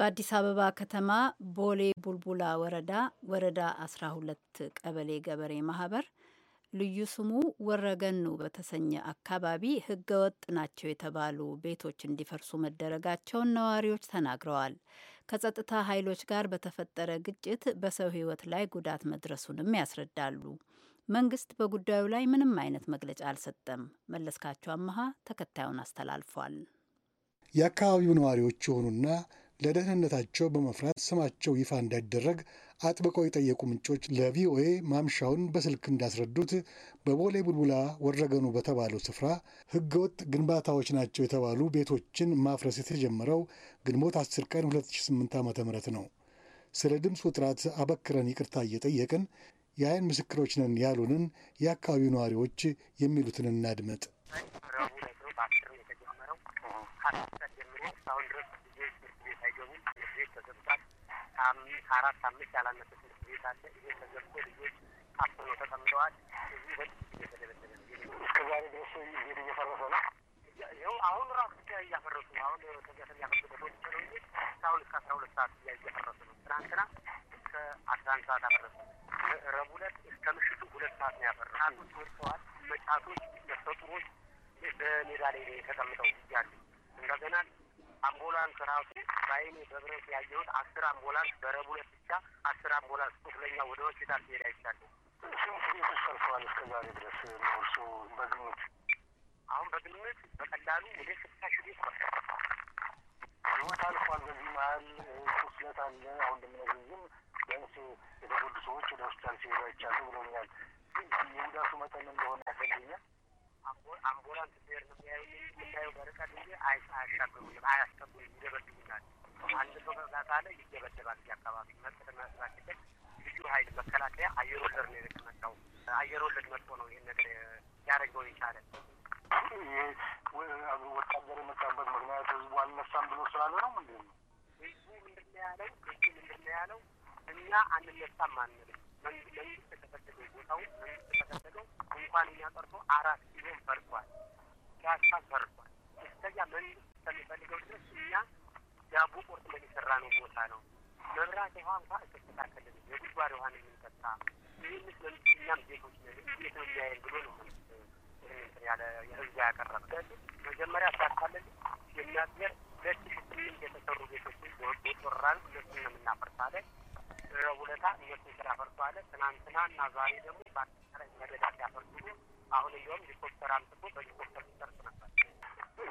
በአዲስ አበባ ከተማ ቦሌ ቡልቡላ ወረዳ ወረዳ 12 ቀበሌ ገበሬ ማህበር ልዩ ስሙ ወረገኑ በተሰኘ አካባቢ ህገወጥ ናቸው የተባሉ ቤቶች እንዲፈርሱ መደረጋቸውን ነዋሪዎች ተናግረዋል። ከጸጥታ ኃይሎች ጋር በተፈጠረ ግጭት በሰው ህይወት ላይ ጉዳት መድረሱንም ያስረዳሉ። መንግስት በጉዳዩ ላይ ምንም አይነት መግለጫ አልሰጠም። መለስካቸው አመሃ ተከታዩን አስተላልፏል። የአካባቢው ነዋሪዎች የሆኑና ለደህንነታቸው በመፍራት ስማቸው ይፋ እንዳይደረግ አጥብቀው የጠየቁ ምንጮች ለቪኦኤ ማምሻውን በስልክ እንዳስረዱት በቦሌ ቡልቡላ ወረገኑ በተባለው ስፍራ ህገወጥ ግንባታዎች ናቸው የተባሉ ቤቶችን ማፍረስ የተጀመረው ግንቦት 10 ቀን 2008 ዓ ም ነው። ስለ ድምፁ ጥራት አበክረን ይቅርታ እየጠየቅን የአይን ምስክሮች ነን ያሉንን የአካባቢው ነዋሪዎች የሚሉትን እናድመጥ። ከአራት አምስት ያላነሰ ትምህርት ቤት አለ። ይሄ ተዘግቶ ልጆች ታፍኖ ተጠምደዋል። እዚህ በ እየተደበደበ ነው። እስከዛሬ ድረስ ቤት እየፈረሰ ነው። ይኸው አሁን ራሱ ብቻ እያፈረሱ ነው። አሁን ተገተ እያፈረሱ በተወሰነ ነው እንጂ እስካሁን እስከ አስራ ሁለት ሰዓት እየፈረሱ ነው። ትናንትና እስከ አስራ አንድ ሰዓት አፈረሱ። ረቡዕ ዕለት እስከ ምሽቱ ሁለት ሰዓት ነው ያፈረሱ። ጫቶች ወድቀዋል። መጫቶች መሰጡሮች በሜዳ ላይ ተቀምጠው ያሉ እንደገና አምቡላንስ ራሱ በአይኔ በብረት ያየሁት አስር አምቡላንስ በረቡዕ ብቻ አስር አምቡላንስ ቁስለኛ ወደ ሆስፒታል ሲሄድ አይቻለሁ። ስንት ቤቶች እስከ ዛሬ ድረስ እርሶ በግምት? አሁን በግምት በቀላሉ ወደ ስልሳ ሺህ ቤት ህይወት አልፏል። በዚህ መሀል ቁስለት አለ። አሁን እንደምነግርም ቢያንስ የተጎዱ ሰዎች ወደ ሆስፒታል ሲሄዱ አይቻለሁ ብለውኛል። የጉዳቱ መጠን እንደሆነ ሬስቶራንት ብሄር ነው የሚያዩ የምታየው በርቀት እንጂ አያሻግሩኝም፣ አያስቀቡኝም፣ ይደበድቡናል። አንድ ሰው በዛት አለ ይደበደባል። እዚህ አካባቢ መቅደና ስራችበት ልዩ ኃይል መከላከያ አየር ወለድ ነው የተመጣው። አየር ወለድ መጥቶ ነው ይህን ነገር ያደረገው የቻለ ወታደር የመጣበት ምክንያት ህዝቡ አልነሳም ብሎ ስላለ ነው። ምንድን ነው ህዝቡ ምንድን ነው ያለው? ህዝቡ ምንድን ነው ያለው? እኛ አንነሳም አንልም መንግስት መንግስት ተፈለገው ቦታው መንግስት ተፈለገው እንኳን እኛ አራት ቢሆን ፈርሷል፣ ፒያሳ ፈርሷል። እስከዚያ መንግስት ከሚፈልገው ድረስ እኛ ዳቦ ቁርጥ የሚሰራ ነው ቦታ ነው። መብራት ውሃ እንኳ እተስተካከልን የጉድጓድ ውሃ የምንጠጣ። ይህንስ መንግስት እኛም ዜጎች ነን እንዴት ነው የሚያየን ብሎ ነው መንግስት ያለ ህዝብ ያቀረበ። ስለዚህ መጀመሪያ ሳካለን የሚያገር ሁለት ሺ ስምንት የተሰሩ ቤቶችን ወራል ሁለቱን ነው የምናፈርሳለን ረቡለታ እነሱን ስራ ፈርቷለ። ትናንትና እና ዛሬ ደግሞ በአጠቃላይ መረዳት ያፈርሱ አሁን እንዲሁም ሄሊኮፕተር አንስቶ በሄሊኮፕተር ሲሰርፍ ነበር።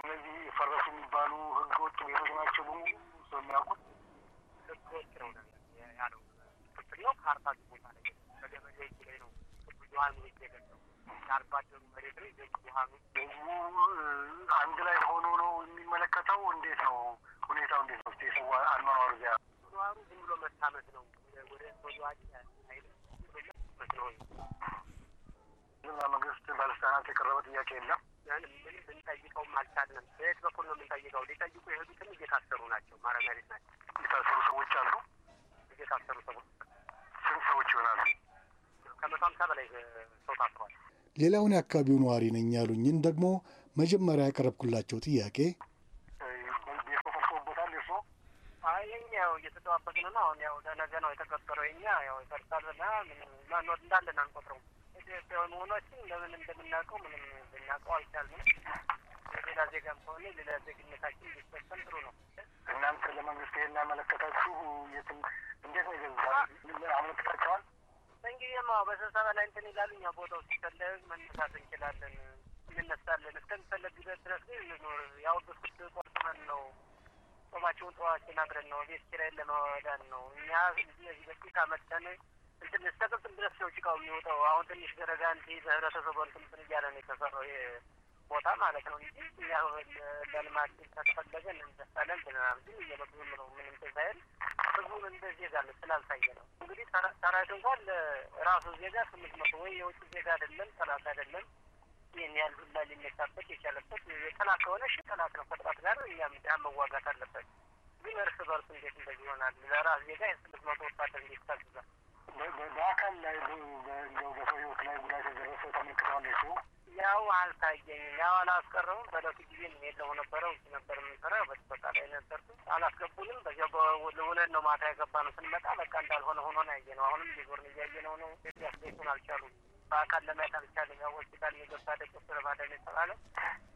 እነዚህ ፈረሱ የሚባሉ ህገወጥ ቤቶች ናቸው ሰው የሚያውቁት ህገወጥ ነው ያለው ትክክል ነው። ካርታች ቦታ ላይ በገበሬዎች ላይ ነው ብዙሀኑ ህግ የገጠው መሬት ላይ ደግ ብዙሀኑ ህዝቡ አንድ ላይ ሆኖ ነው የሚመለከተው። እንዴት ነው ሁኔታው? እንዴት ነው የሰው አኗኗር ዚያ ተዘዋሩ ዝም ብሎ መታመት ነው። ወደ ተዘዋጭ ዝና መንግስት ባለስልጣናት የቀረበ ጥያቄ የለም። ምንም ብንጠይቀውም አልቻለም። በየት በኩል ነው የምንጠይቀው? ሊጠይቁ የሄዱትም እየታሰሩ ናቸው። ማረሚያ ቤት ናቸው። የታሰሩ ሰዎች አሉ። እየታሰሩ ሰዎች ስንት ሰዎች ይሆናሉ? ከመቶ ሀምሳ በላይ ሰው ታስሯል። ሌላውን የአካባቢው ነዋሪ ነኝ ያሉኝን ደግሞ መጀመሪያ ያቀረብኩላቸው ጥያቄ ግን ያው እየተጠባበቅን ነው። አሁን ያው ለነገ ነው የተቀበረው። የኛ ያው ይፈርሳልና ምንም መኖር እንዳለን አንቆጥረው ኢትዮጵያዊ መሆናችን ለምን እንደምናውቀው ምንም ብናውቀው አልቻልንም። ሌላ ዜጋም ከሆነ ሌላ ዜግነታችን ሊፈጸም ጥሩ ነው። እናንተ ለመንግስት ይሄን ያመለከታችሁ የትም እንዴት ነው ይገዛል አመለክታቸዋል። እንግዲህ ማ በስብሰባ ላይ እንትን ይላሉ። እኛ ቦታው ሲፈለግ መነሳት እንችላለን፣ እንነሳለን። እስከሚፈለግ ድረስ ግን እንኖር ያው ብስኩት ቆርጥመን ነው ጾማቸውን ጠዋች አብረን ነው ቤት ኪራይ ለማዋዳን ነው። እኛ እዚህ በፊት አመጠን እንትን ስተቅብትም ድረስ ነው ጭቃው የሚወጣው። አሁን ትንሽ ደረጃ እንዲ ህብረተሰቡ እንትን እያለ ነው የተሰራው ይሄ ቦታ ማለት ነው እንጂ እኛ ለልማት ከተፈለገን እንደሳለን ብለናል። ግን እየመጡ ነው ምንም ትዛይል ህዝቡን እንደዚህ ጋር ስላልታየ ነው እንግዲህ ሰራዊት እንኳን ራሱ ዜጋ ስምንት መቶ ወይ የውጭ ዜጋ አይደለም ሰላሳ አይደለም ይህን ያህል ዱላ ሊነሳበት የቻለበት ጠላት ከሆነ ሽ ጠላት ነው። ከጠላት ጋር እኛም መዋጋት አለበት። ግን እርስ በርስ እንዴት እንደዚህ ይሆናል? ዛራ ዜጋ የስድስት መቶ ወታደር እንዴት ታዝዛል? በአካል ላይ እንደው በሰው ህይወት ላይ ጉዳት የደረሰው ተመልክተዋል። ሱ ያው አልታየኝም። ያው አላስቀረውም። በለቱ ጊዜ የለው ነበረ ውጭ ነበር የምንሰራ በጥበቃ ላይ ነበርኩ። አላስገቡንም። በዚያ በውለን ነው ማታ የገባ ነው። ስንመጣ በቃ እንዳልሆነ ሆኖ ነው ያየ ነው። አሁንም ሊዞርን እያየ ነው ነው ያስቤቱን አልቻሉም። በአካል ለማየት አልቻ እንገባለን የተባለ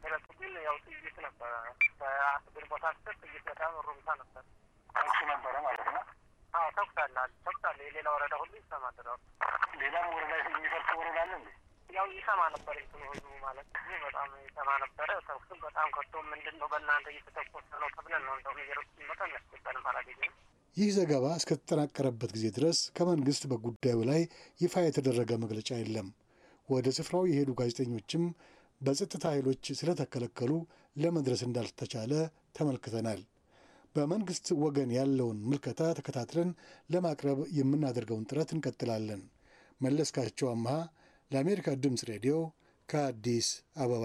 ምረቱ ግን ያው ጥይት ነበረ። በአስብር ቦታ ስር ጥይት በጣም ሩምታ ነበር ተኩስ ነበረ ማለት ነው። አዎ ተኩስ አለ ተኩስ አለ። የሌላ ወረዳ ሁሉ ይሰማ ይሰማል። ሌላ ወረዳ የሚፈርስ ወረዳ አለ እንዴ? ያው ይሰማ ነበር እንትኑ ሁሉ ማለት በጣም ይሰማ ነበረ። ተኩስም በጣም ከቶ ምንድን ነው በእናንተ እየተተኮሰ ነው ተብለን ነው እንደሁ ነገሮች በጣም ያስቸጋልም ነው። ይህ ዘገባ እስከተጠናቀረበት ጊዜ ድረስ ከመንግስት በጉዳዩ ላይ ይፋ የተደረገ መግለጫ የለም። ወደ ስፍራው የሄዱ ጋዜጠኞችም በጸጥታ ኃይሎች ስለተከለከሉ ለመድረስ እንዳልተቻለ ተመልክተናል። በመንግስት ወገን ያለውን ምልከታ ተከታትለን ለማቅረብ የምናደርገውን ጥረት እንቀጥላለን። መለስካቸው አምሃ ለአሜሪካ ድምፅ ሬዲዮ ከአዲስ አበባ